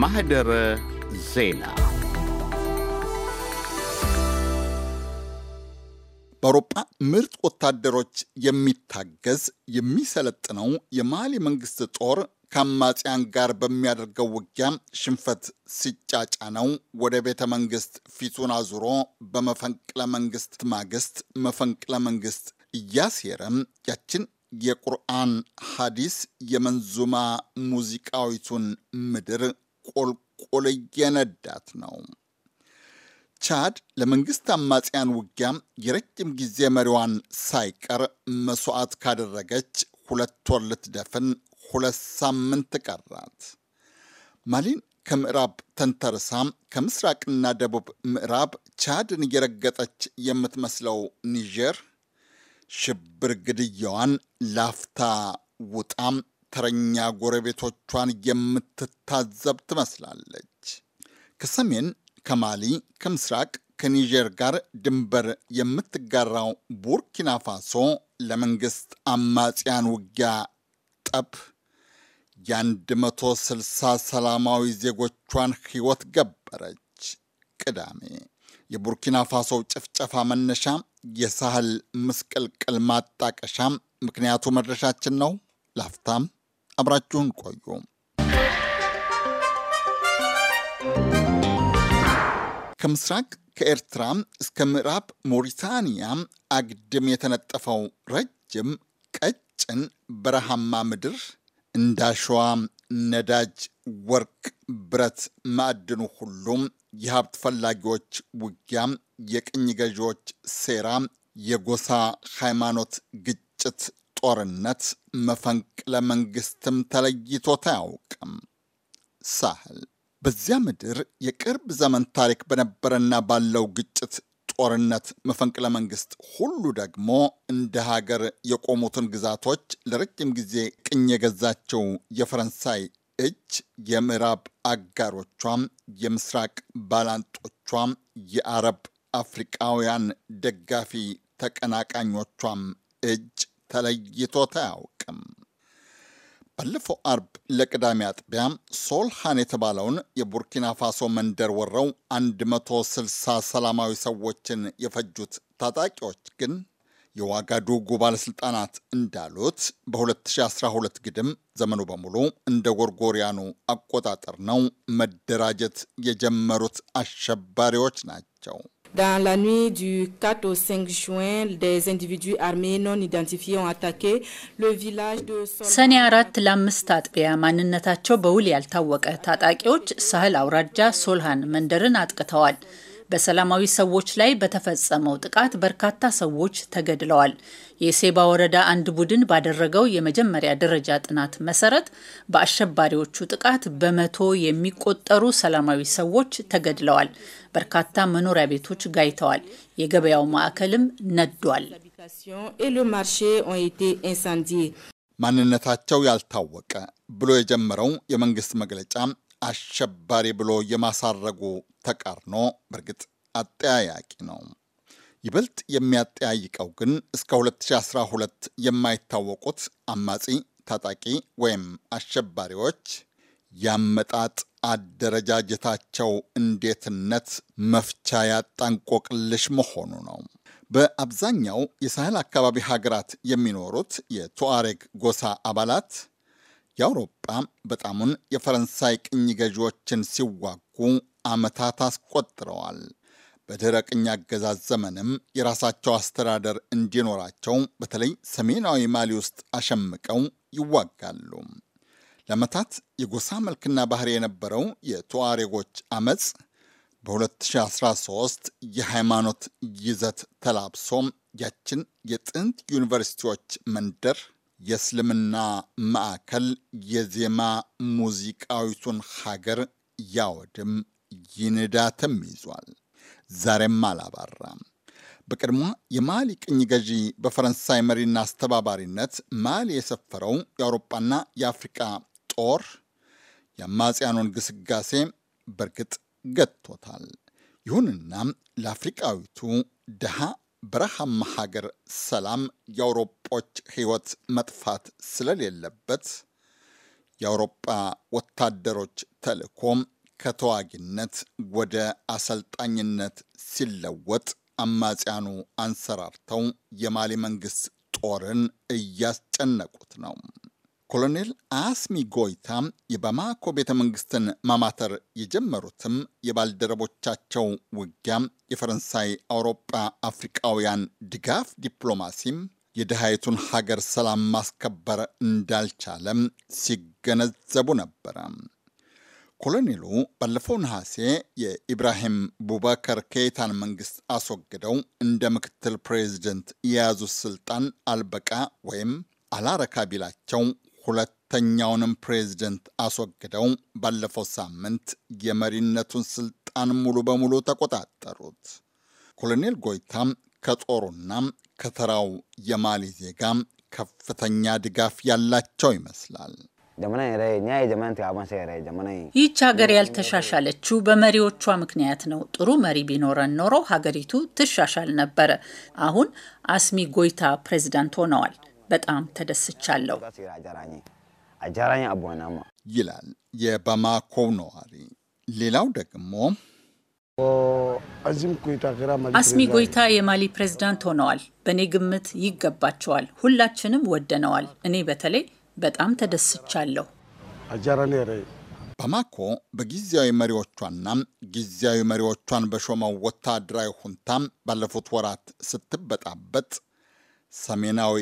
ማህደረ ዜና በአውሮጳ ምርጥ ወታደሮች የሚታገዝ የሚሰለጥነው የማሊ መንግስት ጦር ከአማጽያን ጋር በሚያደርገው ውጊያ ሽንፈት ሲጫጫ ነው ወደ ቤተ መንግስት ፊቱን አዙሮ በመፈንቅለ መንግስት ማግስት መፈንቅለ መንግስት እያሴረም ያችን የቁርአን ሐዲስ የመንዙማ ሙዚቃዊቱን ምድር ቁልቁል እየነዳት ነው። ቻድ ለመንግስት አማጽያን ውጊያም የረጅም ጊዜ መሪዋን ሳይቀር መስዋዕት ካደረገች ሁለት ወር ልትደፍን ሁለት ሳምንት ቀራት። ማሊን ከምዕራብ ተንተርሳ ከምስራቅና ደቡብ ምዕራብ ቻድን እየረገጠች የምትመስለው ኒጀር ሽብር ግድያዋን ላፍታ ውጣም ተረኛ ጎረቤቶቿን የምትታዘብ ትመስላለች። ከሰሜን፣ ከማሊ፣ ከምስራቅ ከኒጀር ጋር ድንበር የምትጋራው ቡርኪና ፋሶ ለመንግስት አማጽያን ውጊያ ጠብ የ160 ሰላማዊ ዜጎቿን ሕይወት ገበረች። ቅዳሜ የቡርኪና ፋሶ ጭፍጨፋ መነሻ የሳህል ምስቅልቅል ማጣቀሻ ምክንያቱ መድረሻችን ነው። ላፍታም አብራችሁን ቆዩ። ከምስራቅ ከኤርትራ እስከ ምዕራብ ሞሪታንያ አግድም የተነጠፈው ረጅም ቀጭን በረሃማ ምድር እንዳሸዋ፣ ነዳጅ፣ ወርቅ፣ ብረት፣ ማዕድኑ ሁሉም የሀብት ፈላጊዎች ውጊያ፣ የቅኝ ገዢዎች ሴራ፣ የጎሳ ሃይማኖት ግጭት ጦርነት መፈንቅለ መንግስትም ተለይቶት አያውቅም። ሳህል በዚያ ምድር የቅርብ ዘመን ታሪክ በነበረና ባለው ግጭት፣ ጦርነት፣ መፈንቅለ መንግስት ሁሉ ደግሞ እንደ ሀገር የቆሙትን ግዛቶች ለረጅም ጊዜ ቅኝ የገዛቸው የፈረንሳይ እጅ የምዕራብ አጋሮቿም፣ የምስራቅ ባላንጦቿም፣ የአረብ አፍሪቃውያን ደጋፊ ተቀናቃኞቿም እጅ ተለይቶት አያውቅም። ባለፈው አርብ ለቅዳሜ አጥቢያ ሶልሃን የተባለውን የቡርኪና ፋሶ መንደር ወረው 160 ሰላማዊ ሰዎችን የፈጁት ታጣቂዎች ግን የዋጋዱጉ ባለሥልጣናት እንዳሉት በ2012 ግድም ዘመኑ በሙሉ እንደ ጎርጎሪያኑ አቆጣጠር ነው መደራጀት የጀመሩት አሸባሪዎች ናቸው። Dans la nuit du 4 au 5 juin, des individus armés non identifiés ont attaqué le village de ሰኔ አራት ለአምስት አጥቢያ ማንነታቸው በውል ያልታወቀ ታጣቂዎች ሳህል አውራጃ ሶልሃን መንደርን አጥቅተዋል። በሰላማዊ ሰዎች ላይ በተፈጸመው ጥቃት በርካታ ሰዎች ተገድለዋል። የሴባ ወረዳ አንድ ቡድን ባደረገው የመጀመሪያ ደረጃ ጥናት መሰረት በአሸባሪዎቹ ጥቃት በመቶ የሚቆጠሩ ሰላማዊ ሰዎች ተገድለዋል። በርካታ መኖሪያ ቤቶች ጋይተዋል። የገበያው ማዕከልም ነዷል። ማንነታቸው ያልታወቀ ብሎ የጀመረው የመንግስት መግለጫ አሸባሪ ብሎ የማሳረጉ ተቃርኖ በእርግጥ አጠያያቂ ነው። ይበልጥ የሚያጠያይቀው ግን እስከ 2012 የማይታወቁት አማጺ ታጣቂ ወይም አሸባሪዎች ያመጣጥ አደረጃጀታቸው እንዴትነት መፍቻ ያጣንቆቅልሽ መሆኑ ነው። በአብዛኛው የሳህል አካባቢ ሀገራት የሚኖሩት የቱዋሬግ ጎሳ አባላት የአውሮጳ በጣሙን የፈረንሳይ ቅኝ ገዢዎችን ሲዋጉ ዓመታት አስቆጥረዋል። በድህረ ቅኝ አገዛዝ ዘመንም የራሳቸው አስተዳደር እንዲኖራቸው በተለይ ሰሜናዊ ማሊ ውስጥ አሸምቀው ይዋጋሉ። ለዓመታት የጎሳ መልክና ባህሪ የነበረው የቱዋሬጎች አመፅ በ2013 የሃይማኖት ይዘት ተላብሶ ያችን የጥንት ዩኒቨርሲቲዎች መንደር የእስልምና ማዕከል የዜማ ሙዚቃዊቱን ሀገር ያወድም ይንዳትም ይዟል። ዛሬም አላባራም። በቅድሞ የማሊ ቅኝ ገዢ በፈረንሳይ መሪና አስተባባሪነት ማሊ የሰፈረው የአውሮፓና የአፍሪቃ ጦር የአማጽያኑን ግስጋሴ በእርግጥ ገጥቶታል። ይሁንና ለአፍሪቃዊቱ ድሃ በረሃማ ሀገር ሰላም የአውሮፓ ሰቆች ሕይወት መጥፋት ስለሌለበት የአውሮጳ ወታደሮች ተልእኮም ከተዋጊነት ወደ አሰልጣኝነት ሲለወጥ አማጽያኑ አንሰራርተው የማሊ መንግስት ጦርን እያስጨነቁት ነው። ኮሎኔል አስሚ ጎይታ የባማኮ ቤተ መንግስትን ማማተር የጀመሩትም የባልደረቦቻቸው ውጊያም የፈረንሳይ አውሮጳ አፍሪቃውያን ድጋፍ ዲፕሎማሲም የድሃይቱን ሀገር ሰላም ማስከበር እንዳልቻለም ሲገነዘቡ ነበረ። ኮሎኔሉ ባለፈው ነሐሴ የኢብራሂም ቡበከር ኬይታን መንግስት አስወግደው እንደ ምክትል ፕሬዚደንት የያዙት ስልጣን አልበቃ ወይም አላረካ ቢላቸው ሁለተኛውንም ፕሬዚደንት አስወግደው ባለፈው ሳምንት የመሪነቱን ስልጣን ሙሉ በሙሉ ተቆጣጠሩት። ኮሎኔል ጎይታም ከጦሩና ከተራው የማሊ ዜጋ ከፍተኛ ድጋፍ ያላቸው ይመስላል። ይህች ሀገር ያልተሻሻለችው በመሪዎቿ ምክንያት ነው። ጥሩ መሪ ቢኖረን ኖሮ ሀገሪቱ ትሻሻል ነበረ። አሁን አስሚ ጎይታ ፕሬዚዳንት ሆነዋል። በጣም ተደስቻለሁ ይላል የባማኮው ነዋሪ። ሌላው ደግሞ አስሚ ጎይታ የማሊ ፕሬዝዳንት ሆነዋል። በእኔ ግምት ይገባቸዋል። ሁላችንም ወደነዋል። እኔ በተለይ በጣም ተደስቻለሁ። ባማኮ በጊዜያዊ መሪዎቿና ጊዜያዊ መሪዎቿን በሾመው ወታደራዊ ሁንታ ባለፉት ወራት ስትበጣበጥ ሰሜናዊ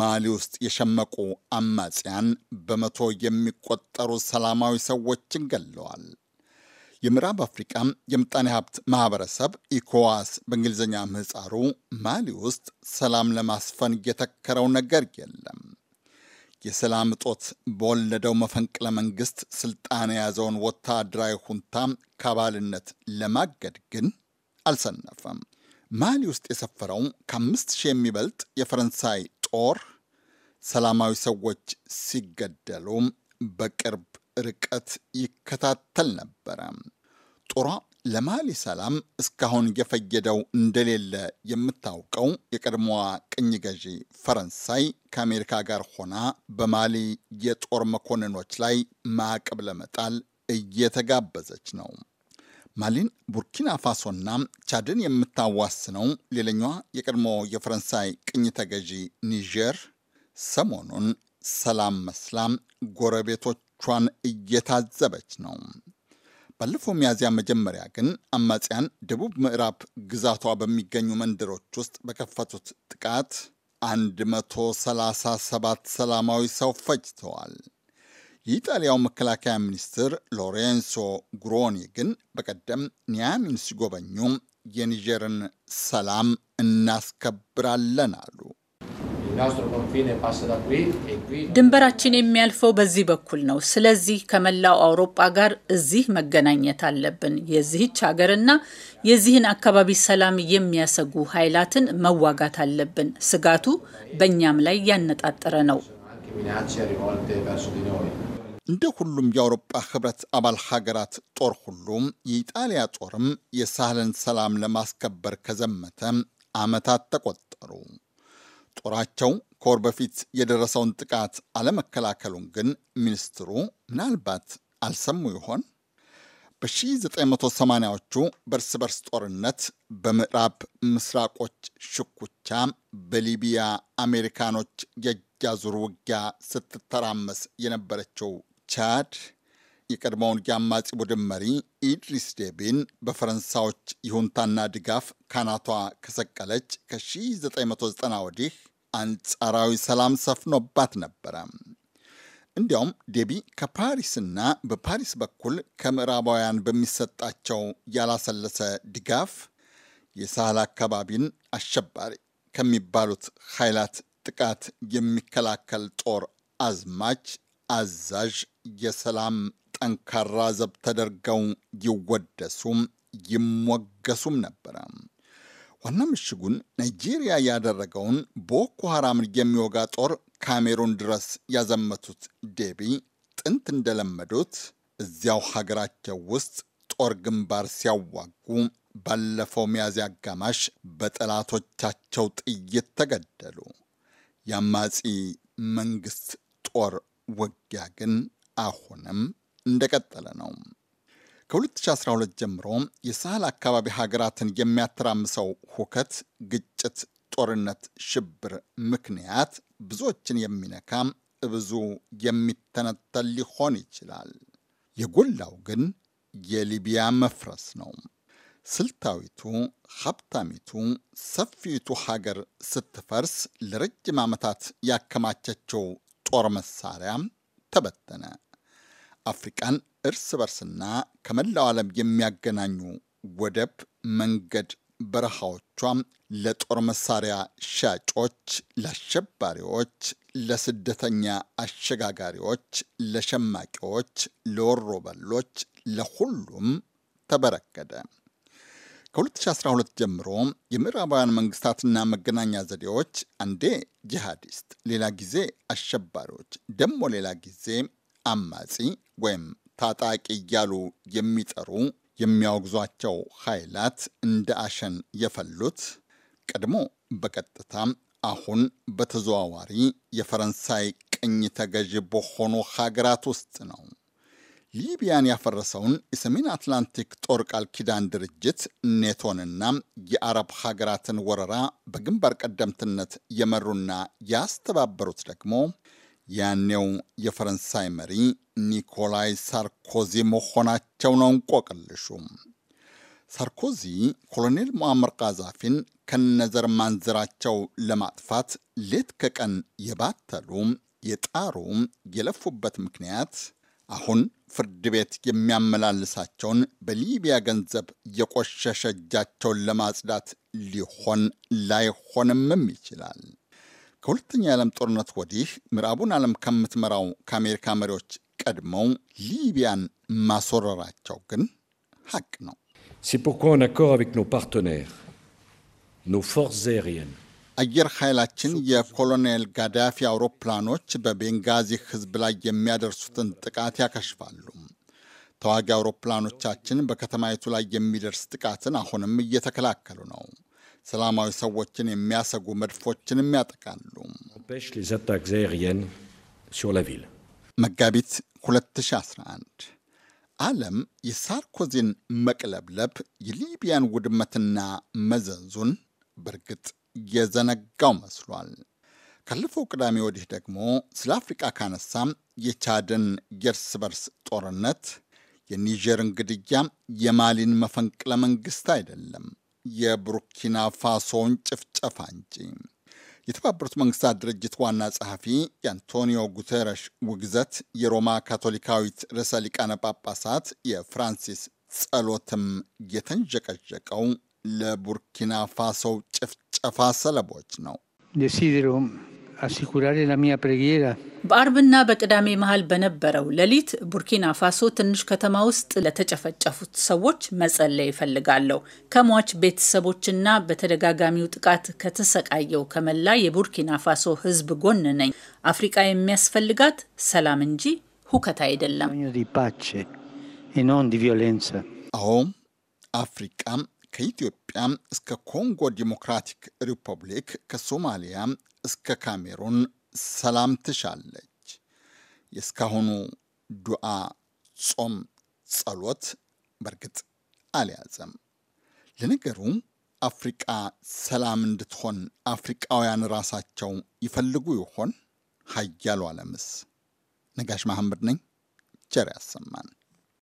ማሊ ውስጥ የሸመቁ አማጽያን በመቶ የሚቆጠሩ ሰላማዊ ሰዎችን ገለዋል። የምዕራብ አፍሪቃ የምጣኔ ሀብት ማህበረሰብ ኢኮዋስ በእንግሊዝኛ ምህፃሩ ማሊ ውስጥ ሰላም ለማስፈን የተከረው ነገር የለም። የሰላም እጦት በወለደው መፈንቅለ መንግስት ስልጣን የያዘውን ወታደራዊ ሁንታ ከአባልነት ለማገድ ግን አልሰነፈም። ማሊ ውስጥ የሰፈረው ከአምስት ሺህ የሚበልጥ የፈረንሳይ ጦር ሰላማዊ ሰዎች ሲገደሉ በቅርብ ርቀት ይከታተል ነበረ። ጦሯ ለማሊ ሰላም እስካሁን የፈየደው እንደሌለ የምታውቀው የቀድሞዋ ቅኝ ገዢ ፈረንሳይ ከአሜሪካ ጋር ሆና በማሊ የጦር መኮንኖች ላይ ማዕቀብ ለመጣል እየተጋበዘች ነው። ማሊን፣ ቡርኪና ፋሶና ቻድን የምታዋስነው ሌላኛዋ የቀድሞ የፈረንሳይ ቅኝ ተገዢ ኒጀር ሰሞኑን ሰላም መስላም ጎረቤቶች ችግሮቿን እየታዘበች ነው። ባለፈው ሚያዝያ መጀመሪያ ግን አማጽያን ደቡብ ምዕራብ ግዛቷ በሚገኙ መንደሮች ውስጥ በከፈቱት ጥቃት 137 ሰላማዊ ሰው ፈጅተዋል። የኢጣሊያው መከላከያ ሚኒስትር ሎሬንሶ ጉሮኒ ግን በቀደም ኒያሚን ሲጎበኙ የኒጀርን ሰላም እናስከብራለን አሉ። ድንበራችን የሚያልፈው በዚህ በኩል ነው። ስለዚህ ከመላው አውሮጳ ጋር እዚህ መገናኘት አለብን። የዚህች ሀገርና የዚህን አካባቢ ሰላም የሚያሰጉ ኃይላትን መዋጋት አለብን። ስጋቱ በእኛም ላይ ያነጣጠረ ነው። እንደ ሁሉም የአውሮፓ ህብረት አባል ሀገራት ጦር ሁሉም የኢጣሊያ ጦርም የሳህልን ሰላም ለማስከበር ከዘመተ ዓመታት ተቆጠሩ። ጦራቸው ከወር በፊት የደረሰውን ጥቃት አለመከላከሉን ግን ሚኒስትሩ ምናልባት አልሰሙ ይሆን? በ1980ዎቹ በርስ በርስ ጦርነት በምዕራብ ምስራቆች ሽኩቻ በሊቢያ አሜሪካኖች የእጅ አዙር ውጊያ ስትተራመስ የነበረችው ቻድ የቀድሞውን የአማጺ ቡድን መሪ ኢድሪስ ዴቢን በፈረንሳዮች ይሁንታና ድጋፍ ካናቷ ከሰቀለች ከ1990 ወዲህ አንጻራዊ ሰላም ሰፍኖባት ነበረ። እንዲያውም ዴቢ ከፓሪስና በፓሪስ በኩል ከምዕራባውያን በሚሰጣቸው ያላሰለሰ ድጋፍ የሳህል አካባቢን አሸባሪ ከሚባሉት ኃይላት ጥቃት የሚከላከል ጦር አዝማች አዛዥ የሰላም ጠንካራ ዘብ ተደርገው ይወደሱም ይሞገሱም ነበረ። ዋና ምሽጉን ናይጄሪያ ያደረገውን ቦኮ ሐራምን የሚወጋ ጦር ካሜሩን ድረስ ያዘመቱት ዴቢ ጥንት እንደለመዱት እዚያው ሀገራቸው ውስጥ ጦር ግንባር ሲያዋጉ ባለፈው ሚያዝያ አጋማሽ በጠላቶቻቸው ጥይት ተገደሉ። የአማጺ መንግስት ጦር ውጊያ ግን አሁንም እንደቀጠለ ነው። ከ2012 ጀምሮ የሳህል አካባቢ ሀገራትን የሚያተራምሰው ሁከት፣ ግጭት፣ ጦርነት፣ ሽብር ምክንያት ብዙዎችን የሚነካ ብዙ የሚተነተል ሊሆን ይችላል። የጎላው ግን የሊቢያ መፍረስ ነው። ስልታዊቱ ሀብታሚቱ ሰፊቱ ሀገር ስትፈርስ ለረጅም ዓመታት ያከማቸችው ጦር መሳሪያ ተበተነ። አፍሪቃን እርስ በርስና ከመላው ዓለም የሚያገናኙ ወደብ፣ መንገድ፣ በረሃዎቿ ለጦር መሳሪያ ሻጮች፣ ለአሸባሪዎች፣ ለስደተኛ አሸጋጋሪዎች፣ ለሸማቂዎች፣ ለወሮ በሎች፣ ለሁሉም ተበረከደ። ከ2012 ጀምሮ የምዕራባውያን መንግስታትና መገናኛ ዘዴዎች አንዴ ጂሃዲስት፣ ሌላ ጊዜ አሸባሪዎች፣ ደግሞ ሌላ ጊዜ አማጺ ወይም ታጣቂ እያሉ የሚጠሩ የሚያወግዟቸው ኃይላት እንደ አሸን የፈሉት ቀድሞ በቀጥታ አሁን በተዘዋዋሪ የፈረንሳይ ቅኝ ተገዥ በሆኑ ሀገራት ውስጥ ነው። ሊቢያን ያፈረሰውን የሰሜን አትላንቲክ ጦር ቃል ኪዳን ድርጅት ኔቶንና የአረብ ሀገራትን ወረራ በግንባር ቀደምትነት የመሩና ያስተባበሩት ደግሞ ያኔው የፈረንሳይ መሪ ኒኮላይ ሳርኮዚ መሆናቸው ነው እንቆቅልሹ። ሳርኮዚ ኮሎኔል ሙአመር ቃዛፊን ከነዘር ማንዘራቸው ለማጥፋት ሌት ከቀን የባተሉ የጣሩ የለፉበት ምክንያት አሁን ፍርድ ቤት የሚያመላልሳቸውን በሊቢያ ገንዘብ የቆሸሸ እጃቸውን ለማጽዳት ሊሆን ላይሆንምም ይችላል። ከሁለተኛ የዓለም ጦርነት ወዲህ ምዕራቡን ዓለም ከምትመራው ከአሜሪካ መሪዎች ቀድመው ሊቢያን ማስወረራቸው ግን ሀቅ ነው። አየር ኃይላችን የኮሎኔል ጋዳፊ አውሮፕላኖች በቤንጋዚ ሕዝብ ላይ የሚያደርሱትን ጥቃት ያከሽፋሉ። ተዋጊ አውሮፕላኖቻችን በከተማይቱ ላይ የሚደርስ ጥቃትን አሁንም እየተከላከሉ ነው። ሰላማዊ ሰዎችን የሚያሰጉ መድፎችንም ያጠቃሉ። መጋቢት 2011 ዓለም የሳርኮዚን መቅለብለብ የሊቢያን ውድመትና መዘዙን በእርግጥ የዘነጋው መስሏል። ካለፈው ቅዳሜ ወዲህ ደግሞ ስለ አፍሪቃ ካነሳም የቻድን የእርስ በርስ ጦርነት፣ የኒጀርን ግድያ፣ የማሊን መፈንቅለ መንግስት አይደለም የቡርኪና ፋሶን ጭፍጨፋ እንጂ። የተባበሩት መንግስታት ድርጅት ዋና ጸሐፊ የአንቶኒዮ ጉተረሽ ውግዘት፣ የሮማ ካቶሊካዊት ርዕሰ ሊቃነ ጳጳሳት የፍራንሲስ ጸሎትም የተንዠቀዠቀው ለቡርኪና ፋሶው ጭፍጨፋ ሰለቦች ነው። በአርብና በቅዳሜ መሀል በነበረው ሌሊት ቡርኪና ፋሶ ትንሽ ከተማ ውስጥ ለተጨፈጨፉት ሰዎች መጸለይ ይፈልጋለሁ። ከሟች ቤተሰቦችና በተደጋጋሚው ጥቃት ከተሰቃየው ከመላ የቡርኪና ፋሶ ሕዝብ ጎን ነኝ። አፍሪቃ የሚያስፈልጋት ሰላም እንጂ ሁከት አይደለም። አሁም አፍሪቃም ከኢትዮጵያ እስከ ኮንጎ ዲሞክራቲክ ሪፐብሊክ ከሶማሊያ እስከ ካሜሩን ሰላም ትሻለች። የእስካሁኑ ዱዓ፣ ጾም፣ ጸሎት በእርግጥ አልያዘም። ለነገሩ አፍሪቃ ሰላም እንድትሆን አፍሪቃውያን ራሳቸው ይፈልጉ ይሆን? ሀያሉ አለምስ ነጋሽ መሐመድ ነኝ። ቸር ያሰማን።